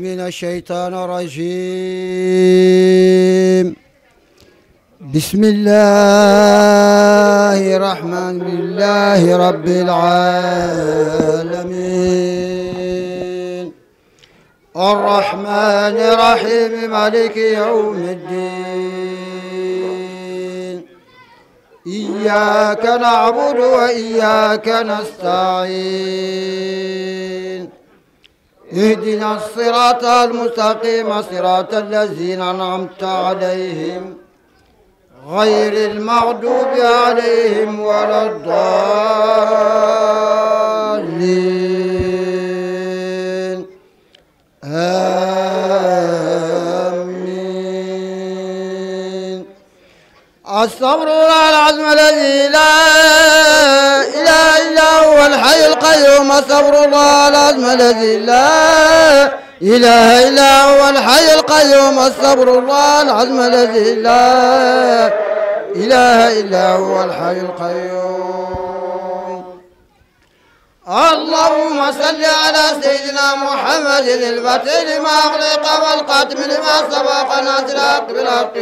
من الشيطان الرجيم بسم الله الرحمن الله رب العالمين الرحمن الرحيم مالك يوم الدين إياك نعبد وإياك نستعين اهدنا الصراط المستقيم صراط الذين أنعمت عليهم غير المغضوب عليهم ولا الضالين آمين الصبر والعزم الذي لا هو الحي القيوم صبر الله العظم الذي لا إله إلا هو الحي القيوم الصبر الله العظم الذي لا إله إلا هو الحي القيوم اللهم صل على سيدنا محمد الفتح لما أغلق والقدم لما سبق نازل بالحق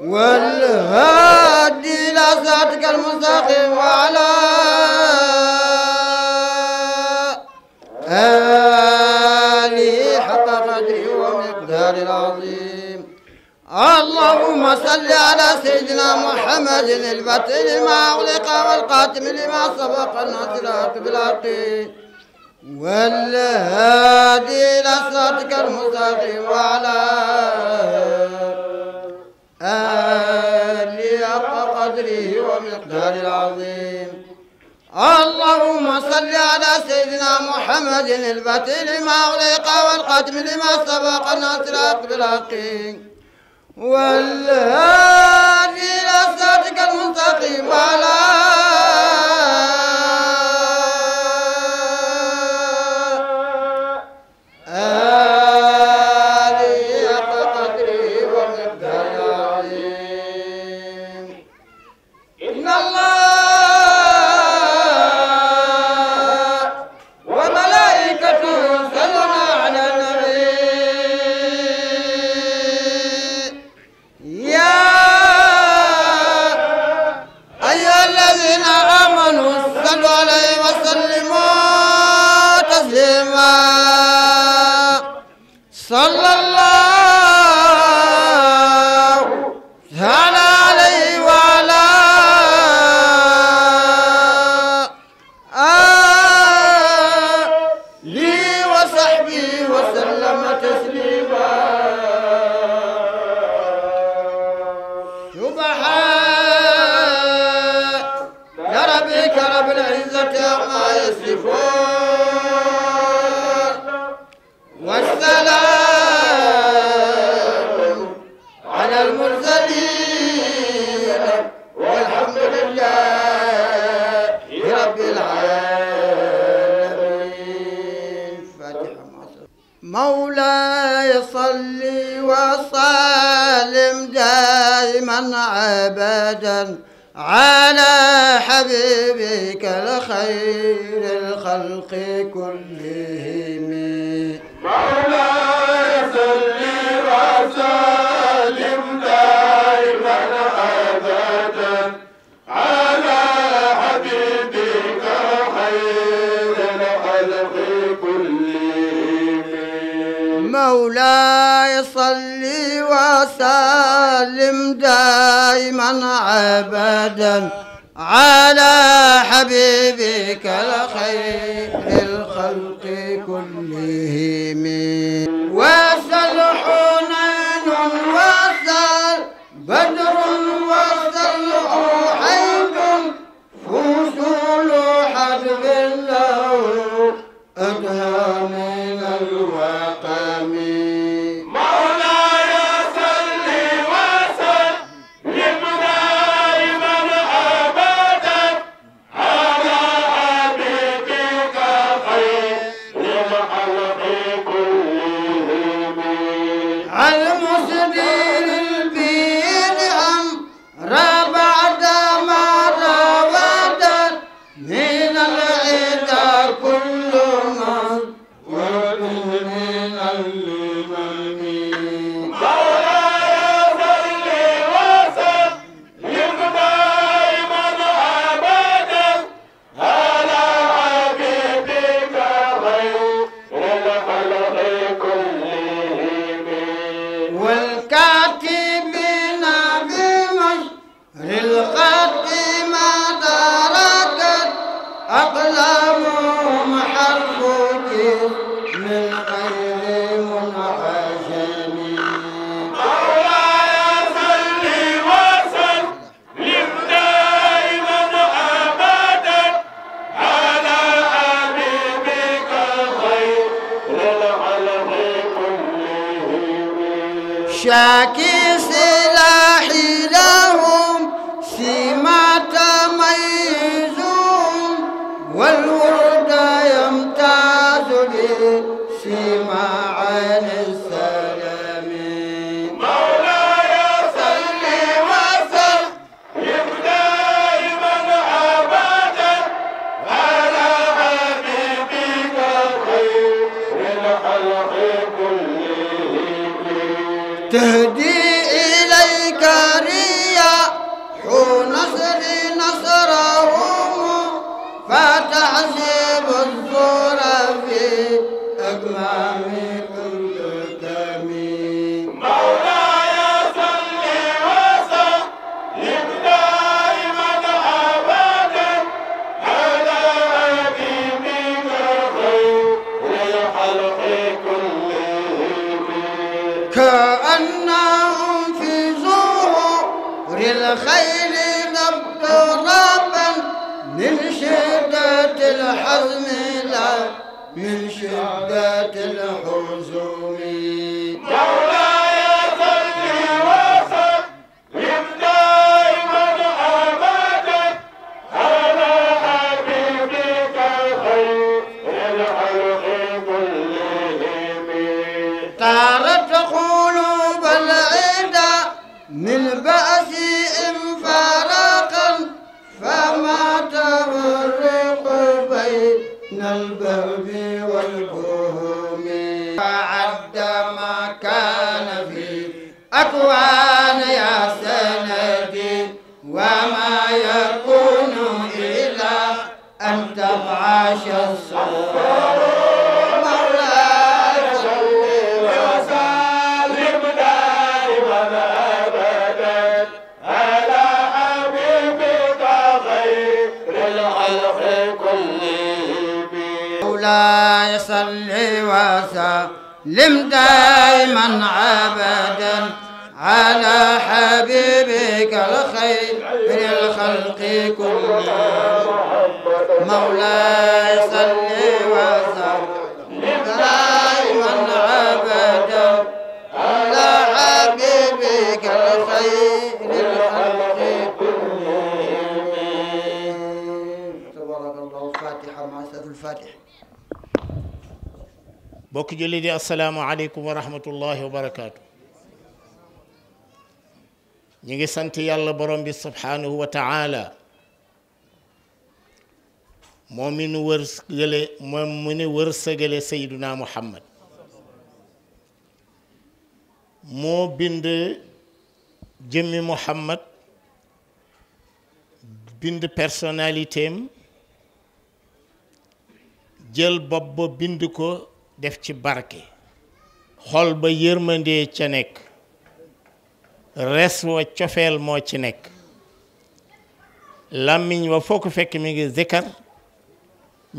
والهادي إلى صراطك المستقيم وعلى آله حق قدري ومقدار العظيم اللهم صل على سيدنا محمد الفتح لما أغلق والقاتم لما سبق الناصرات بالحق والهادي إلى صراطك المستقيم وعلى آلي حق قدره ومقدار العظيم اللهم صل على سيدنا محمد البتي لما أغلق والقدم لما سبق الناس بالحق والهادي إلى صراطك المستقيم على سبحان ربك رب العزة عما يصفون عبدا على حبيبك الخير الخلق كلهم مولاي صل وسلم دائما ابدا على حبيبك خير الخلق كلهم مولاي صل سالم دائما عبدا على حبيبك الخير الخلق كلهم أقلام حركت من غير منعجم مولاي صل وسلم دائما أبدا على حبيبك خير العلم كلهم تهدي من شدة الحب لم دائما عبدا على حبيبك الخير في الخلق كلهم مولاي بوك جولي دي السلام عليكم ورحمة الله وبركاته نيجي سنتي الله برم سبحانه وتعالى مؤمن ورسجل مؤمن ورسجل سيدنا محمد مو بند جمي محمد بند personality جل بابو بند كو def ci barke xol ba yërmandee ca nekk res wa cofeel moo ci nekk làmmiñ wa foo ko fekk mi ngi zikkar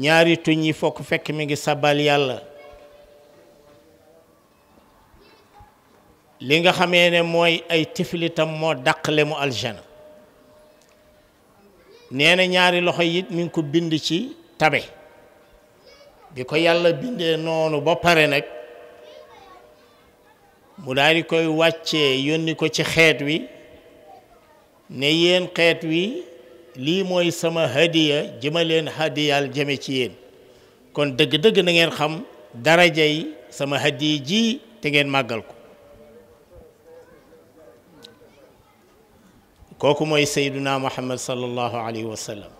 ñaari tuñ yi foo ko fekk mi ngi sabal yàlla li nga xamee ne mooy ay tiflitam moo dàqle mu aljana nee ñaari loxo yit mi ngi ko bind ci tabe bi ko yàlla bindee noonu ba pare nag mu daal di koy wàccee yónni ko ci xeet wi ne yéen xeet wi lii mooy sama hadiya leen hadiyal jëme ci yéen kon dëgg-dëgg na ngeen xam daraja yi sama hadiya ji te ngeen màggal ko kooku mooy sayduna muhammad sallallahu alayhi wa sallam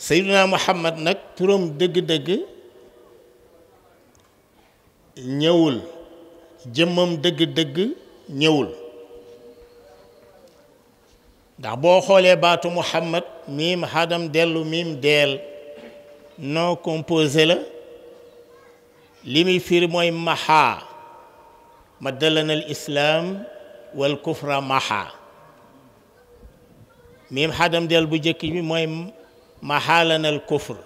سيدنا محمد نك تروم دغ دغ نيول جمم دغ دغ نيول دا بو خوله باتو محمد ميم هادم ديلو ميم ديل نو كومبوزي لا ليمي فير موي محا مدلنا الاسلام والكفر محا ميم حدم ديال بو جيك مي موي maxaalanal kufr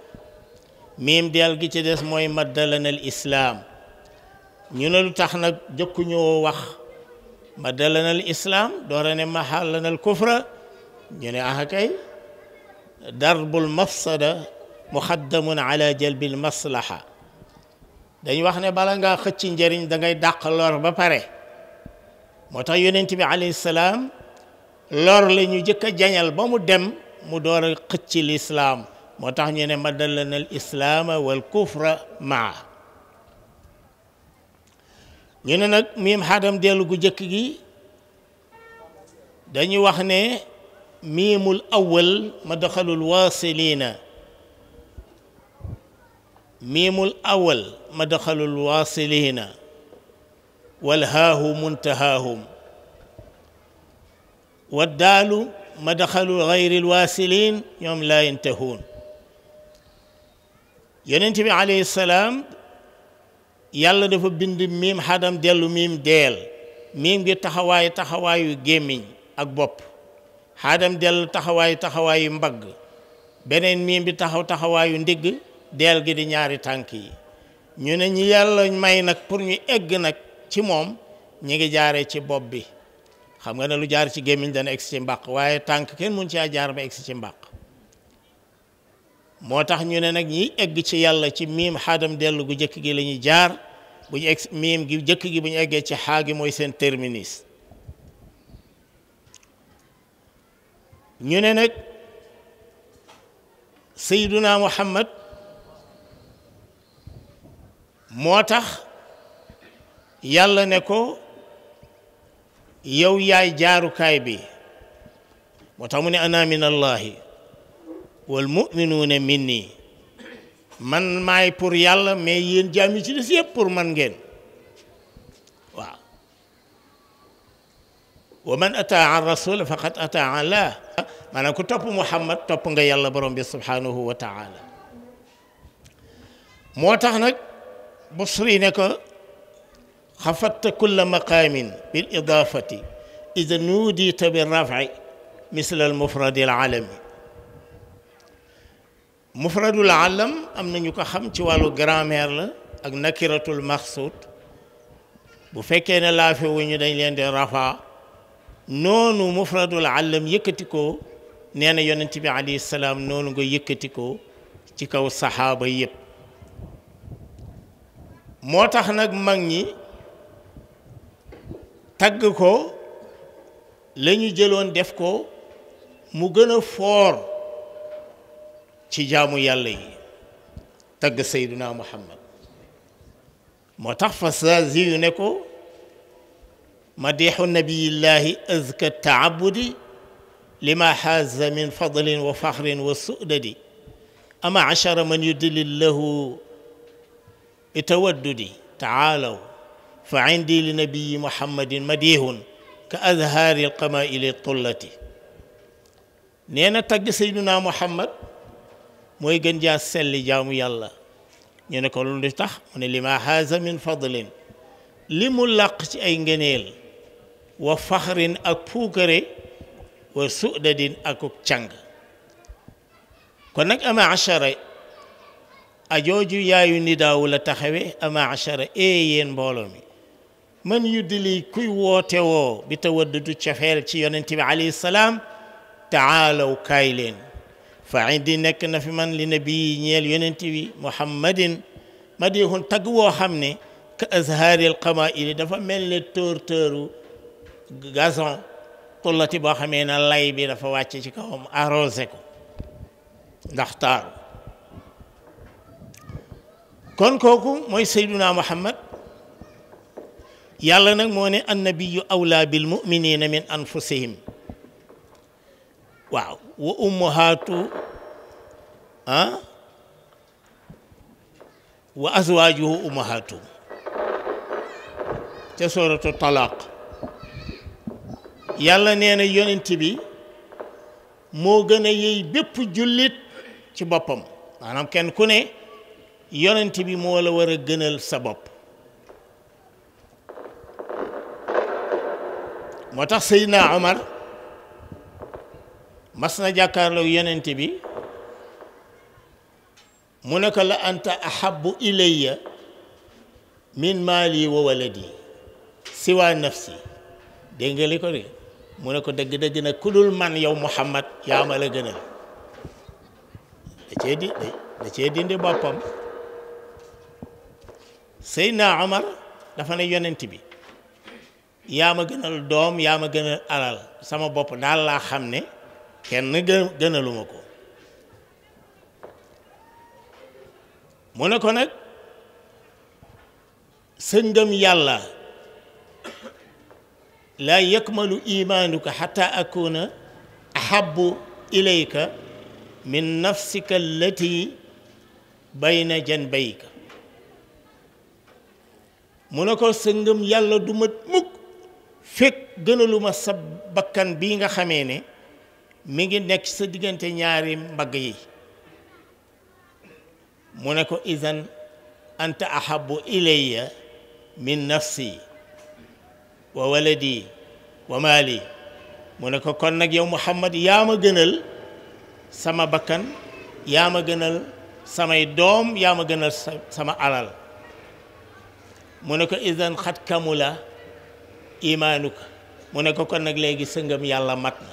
miim del gi ci des mooy maddalanal islaam ñu ne lu tax nag jëkkuñoo wax maddalanal islaam doora ne maxaalanal kufra ñu ne ah kay darbul mafsada muxaddamun ala jalbil maslaha dañ wax ne bala ngaa xëcc njëriñ da ngay dàq lor ba pare moo tax yonent bi alayhi salaam lor la ñu jëkk a jañal ba mu dem mu door a xëcc lislaam moo tax ñu ne ma dallana al islaama wal maa ñu ne nag miim xadam dellu gu jëkk gi dañu wax ne miimul awal madaxalul waasiliina miimul awal madaxalul waasiliina walhaahu muntahaahum waddaalu madaxalu gayri lwaasiliin ñoom laa yantahuun yonent bi alayhi salaam yàlla dafa bind miim xadam dellu miim deel miim gi taxawaayu taxawaayu gémmiñ ak bopp xaadam dellu taxawaayu taxawaayu mbagg beneen miim bi taxaw taxawaayu ndigg deel gi di ñaari tànk yi ñu ne ñi yàlla may nag pour ñu egg nag ci moom ñu ngi jaaree ci bopp bi xam nga ne lu jaar ci gémmiñ dana egsi ci mbàq waaye tànk kenn mun caa jaar ba egsi ci mbàq moo tax ñu ne nag ñiy egg ci yàlla ci miim xaadam dell gu jëkk gi lañuy jaar bu ñu egg miim gi jëkk gi bu ñu eggee ci xaa gi mooy seen terminus ñu ne nag sayduna muhammad moo tax yàlla ne ko yow yaay jaarukaay bi moo tax mu ne ana min allahi wal muminuuna min nii man maay pour yàlla mais yéen jaam yi ci des yëpp pour man ngeen waaw wa man ataa rasul faqad ataa allah maanaam ku topp muhammad topp nga yàlla borom bi subhanahu wa taala moo tax nag busri ne ko خفضت كل مقام بالإضافة إذا نوديت بالرفع مثل المفرد العالمي mufradu la alam am na ñu ko xam ci wàllu grammaire la ak nakiratul maxsuud bu fekkee ne laafe wu ñu dañ leen di rafa noonu mufradu la alam yëkkati ko nee na yonent bi alayhi salaam noonu nga yëkkati ko ci kaw saxaaba yëpp moo tax nag mag ñi tagg ko la ñu jëloon def ko mu gën a foor ci jaamu yàlla yi tagg sayduna muhammad moo tax fasasi yu ne ko madixu nabiyillahi azka taabudi lima xaaza min fadlin wa faxrin wa sudadi ama achara man yudlil lahu bitawaddudi taalaw فعندي لنبي محمد مديه كأزهار القماء للطلة نينا تجي سيدنا محمد موي جنجا سلي جامو يالا نينا كولون لتح من لما هذا من فضل لملق اي نجنيل وفخر اكوكري وسؤدد اكوك تشانغ كونك اما عشره ajooju yaayu nidaawu la taxawe ama achara e yeen mbooloo من يدلي كي واتو بتوددو شفهل شي يونتي عليه السلام تعالوا كايلين فعندي نكنا في من لنبي نيل يونتي محمد مديهون تقوى حمني كأزهار القمائل دفا من لتور تورو غازون طلتي با خمين الله بي دفا واتشي شكاهم أروزكو نختار كون كوكو موي سيدنا محمد yàlla nag moo ne annabiyu awlaa bil muminina min anfusihim waaw wa ummahaatu ah wa azwaajuhu ummahaatu ca sooratu talaaq yàlla nee na yonent bi moo gën a yey bépp jullit ci boppam maanaam kenn ku ne yonent bi moo la war a gënal sa bopp motax sayyidina umar masna jakarlo yenente bi munaka la anta ahabbu ilayya min mali wa waladi siwa nafsi de ngeli ko de mu deug ko na kudul man yow Muhammad ya ma la gënal da cee di da cee dindi boppam Seydina Omar dafa ne yonent bi yaa ma gënal doom yaa ma gënal alal sama bopp daal laa xam ne kenn gënaluma ko mu ne ko nag sa ngëm yàlla laa yakmalu imaanuka xataa akuna ahabu ilayka min nafsika allati bayna janbayka mu ne ko sa ngëm yàlla du mukk fek gënaluma sa bakkan bi nga xamee ne mi ngi nekk sa diggante ñaari mbagg yi mu ne ko izan anta ahabu ilayya min nafsi wa waladi wa mali mu ne ko kon nag yow muhammad yaa ma gënal sama bakkan yaa ma gënal samay doom yaa ma gënal sama alal mu ne ko izan xat kamula imaanuka mu ne ko kon nag léegi sa yàlla mat na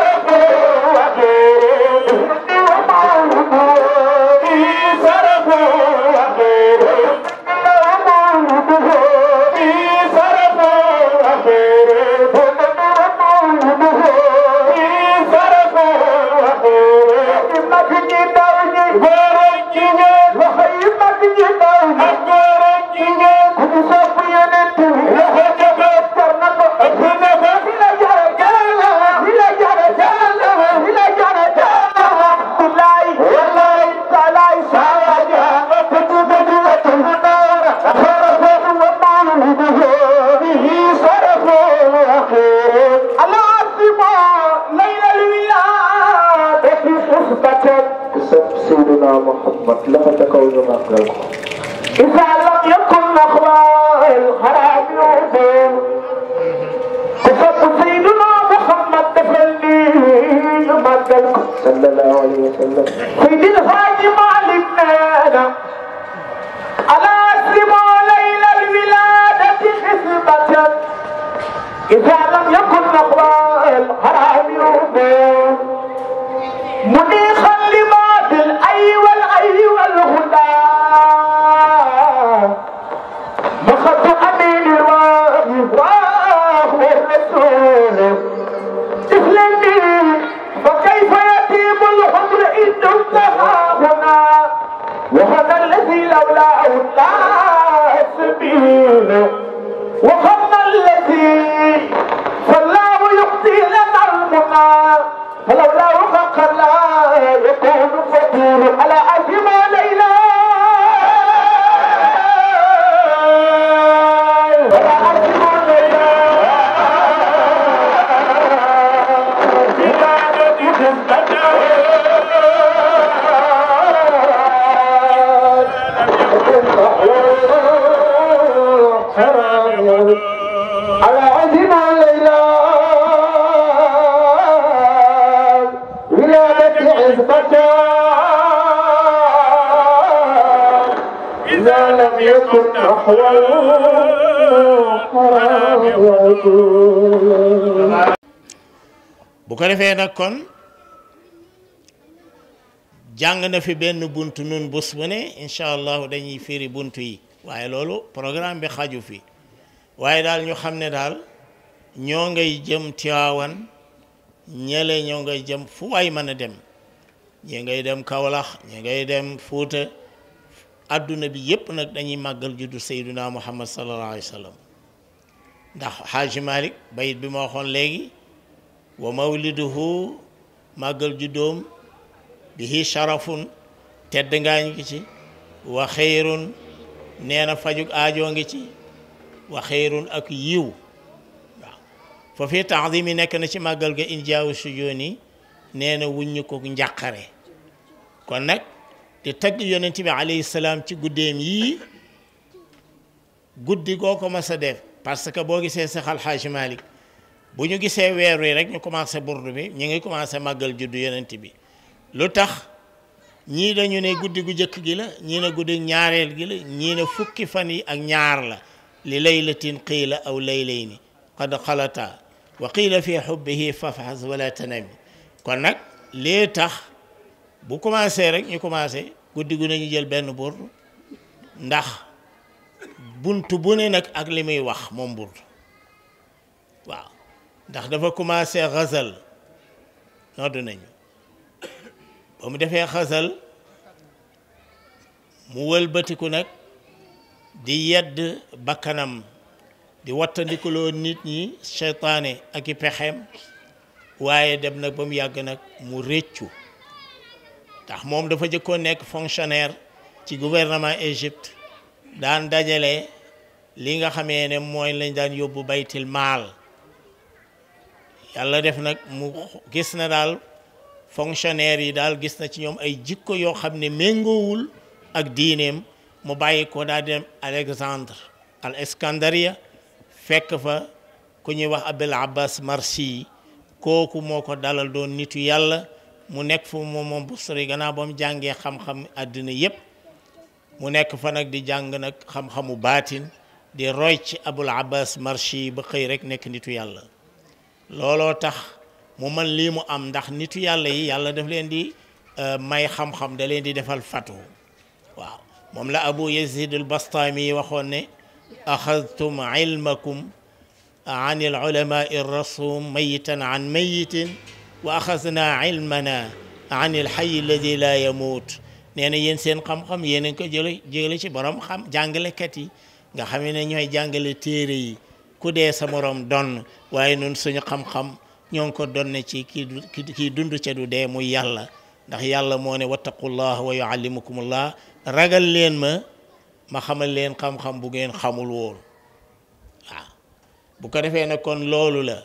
عليكم صلى الله عليه وسلم سيد الحاج مالك نانا على سمو ليل الولادة خصبة إذا على سبيله الذي فالله يعطي لنا المنى فلولا وفق لا يكون فقير على bu ko defee nag kon jàng na fi benn buntu nun bés bu ne incha allahu dañuy firi buntu yi waaye loolu programme bi xaju fi waaye daal ñu xam ne daal ñoo ngay jëm Tiwaawan ñele ñoo ngay jëm fu waay mën a dem ñi ngay dem Kawlax ñi ngay dem Fuuta àdduna bi yépp nag dañuy màggal juddu sayduna muhammad sallallahu alayhi wa sallam ndax xaaji malik bayit bi ma waxoon léegi wa mawliduhu màggal juddoom bihi sharafun tedd ngaa ngi ci wa xeyrun nee fajug aajoo ngi ci wa xeyrun ak yiw waaw foofii taadim yi nekk na ci màggal ga injaawu sujooni nee na wuññu ko njàqare kon nag te tagg yonent bi alayhi salaam ci guddeem yii guddi goo ko mas a def parce que boo gisee Seex Alxaaji Malik bu ñu gisee weer wi rek ñu commencé burdu bi ñu ngi commencé màggal juddu yonent bi lu tax ñii dañu ne guddi gu jëkk gi la ñii ne guddi ñaareel gi la ñii ne fukki fan yi ak ñaar la li laylatin qiila aw laylayni qad xalata wa qiila fi xubbihi fafhas wala tanami kon nag lii tax bu commencé rek ñu commencé guddi gu nañu jël benn buur ndax bunt bu ne nag ak li muy wax moom buur waaw ndax dafa commencé xasal nodd nañu ba mu defee xasal mu wëlbatiku nag di yedd bakkanam di wattandikuloo nit ñi seytaane ak i pexeem waaye dem nag ba mu yàgg nag mu réccu ndax moom dafa jëkkoon nekk fonctionnaire ci gouvernement Égypte daan dajale li nga xamee ne mooy lañ daan yóbbu baytil maal yàlla def nag mu gis na daal fonctionnaire yi daal gis na ci ñoom ay jikko yoo xam ne méngoowul ak diineem mu bàyyi ko daa dem Alexandre al Iskandariya fekk fa ku ñuy wax Abul Abbas Marsi kooku moo ko dalal doon nit nitu yàlla mu nek fu mom mom bu sori gana bam jange xam xam-xam aduna yeb mu nek fa nak di jàng nak xam-xamu batin di roy ci abul abbas marshi ba xëy rek nek nitu yàlla lolo tax mu man li mu am ndax nitu yàlla yi yàlla daf len di may xam-xam da len di defal fatu waaw mom la abu yazid al bastami waxone waxoon ne axadtum ilmakum عن العلماء الرسوم ميتا عن an waa axasna ilmana an il xay alladi laa yamuut nee na yéen seen xam-xam yéen a ko jële jële ci borom xam jàngalekat yi nga xam ne ñooy jàngale téere yi ku dee sa morom donn waaye nun suñu xam-xam ñoo ngi ko donne ci kii kii dund ca du dee muy yàlla ndax yàlla moo ne wattaqullah wa yuallimukumullah ragal leen ma ma xamal leen xam-xam bu ngeen xamul woon waaw bu ko defee ne kon loolu la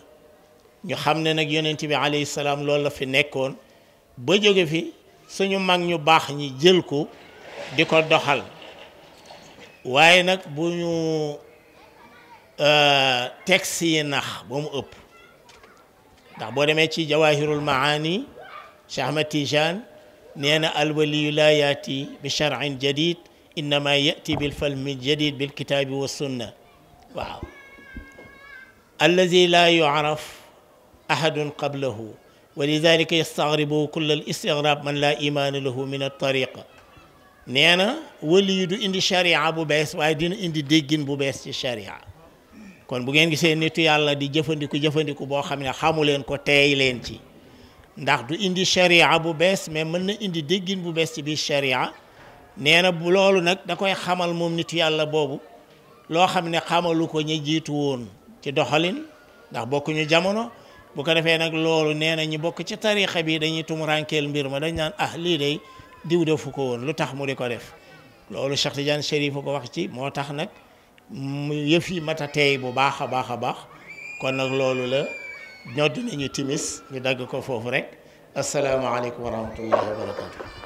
ñu xam ne nag yonent bi alayhi salaam loolu la fi nekkoon ba jóge fi suñu mag ñu baax ñi jël ko di ko doxal waaye nag bu ñu texte yi nax ba mu ëpp ndax boo demee ci jawahirul maani Cheikh Ahmad Tijaan nee na alwaliyu laa yaati bi charin jadid innama yati bil falmi jadid bil kitaabi wa sunna waaw allazi laa yuaraf أحد قبله ولذلك يستغرب كل الاستغراب من لا إيمان له من الطريقة نانا ولي يدو اندي شريعة بو بيس وايدين اندي ديجين بو بيس الشريعة كون بوغين غيسي نيتو يالا دي جيفانديكو جيفانديكو بو خامي خامولين كو تاي لين تي ndax du indi sharia bu bes mais meun na indi deggin bu bes ci bi sharia neena bu lolou nak da koy xamal mom nit yalla bobu lo xamne xamaluko bu ko defee nag loolu nee na ñi bokk ci tarixa bi dañuy tumurankeel mbir ma dañ naan ah lii day diw defu ko woon lu tax mu di ko def loolu Cheikh Tidiane Chérif ko wax ci moo tax nag yëf yi mata teey bu baax a baax a baax kon nag loolu la ñodd nañu timis ñu dagg ko foofu rek asalaamaaleykum wa rahmatullahi wa barakatu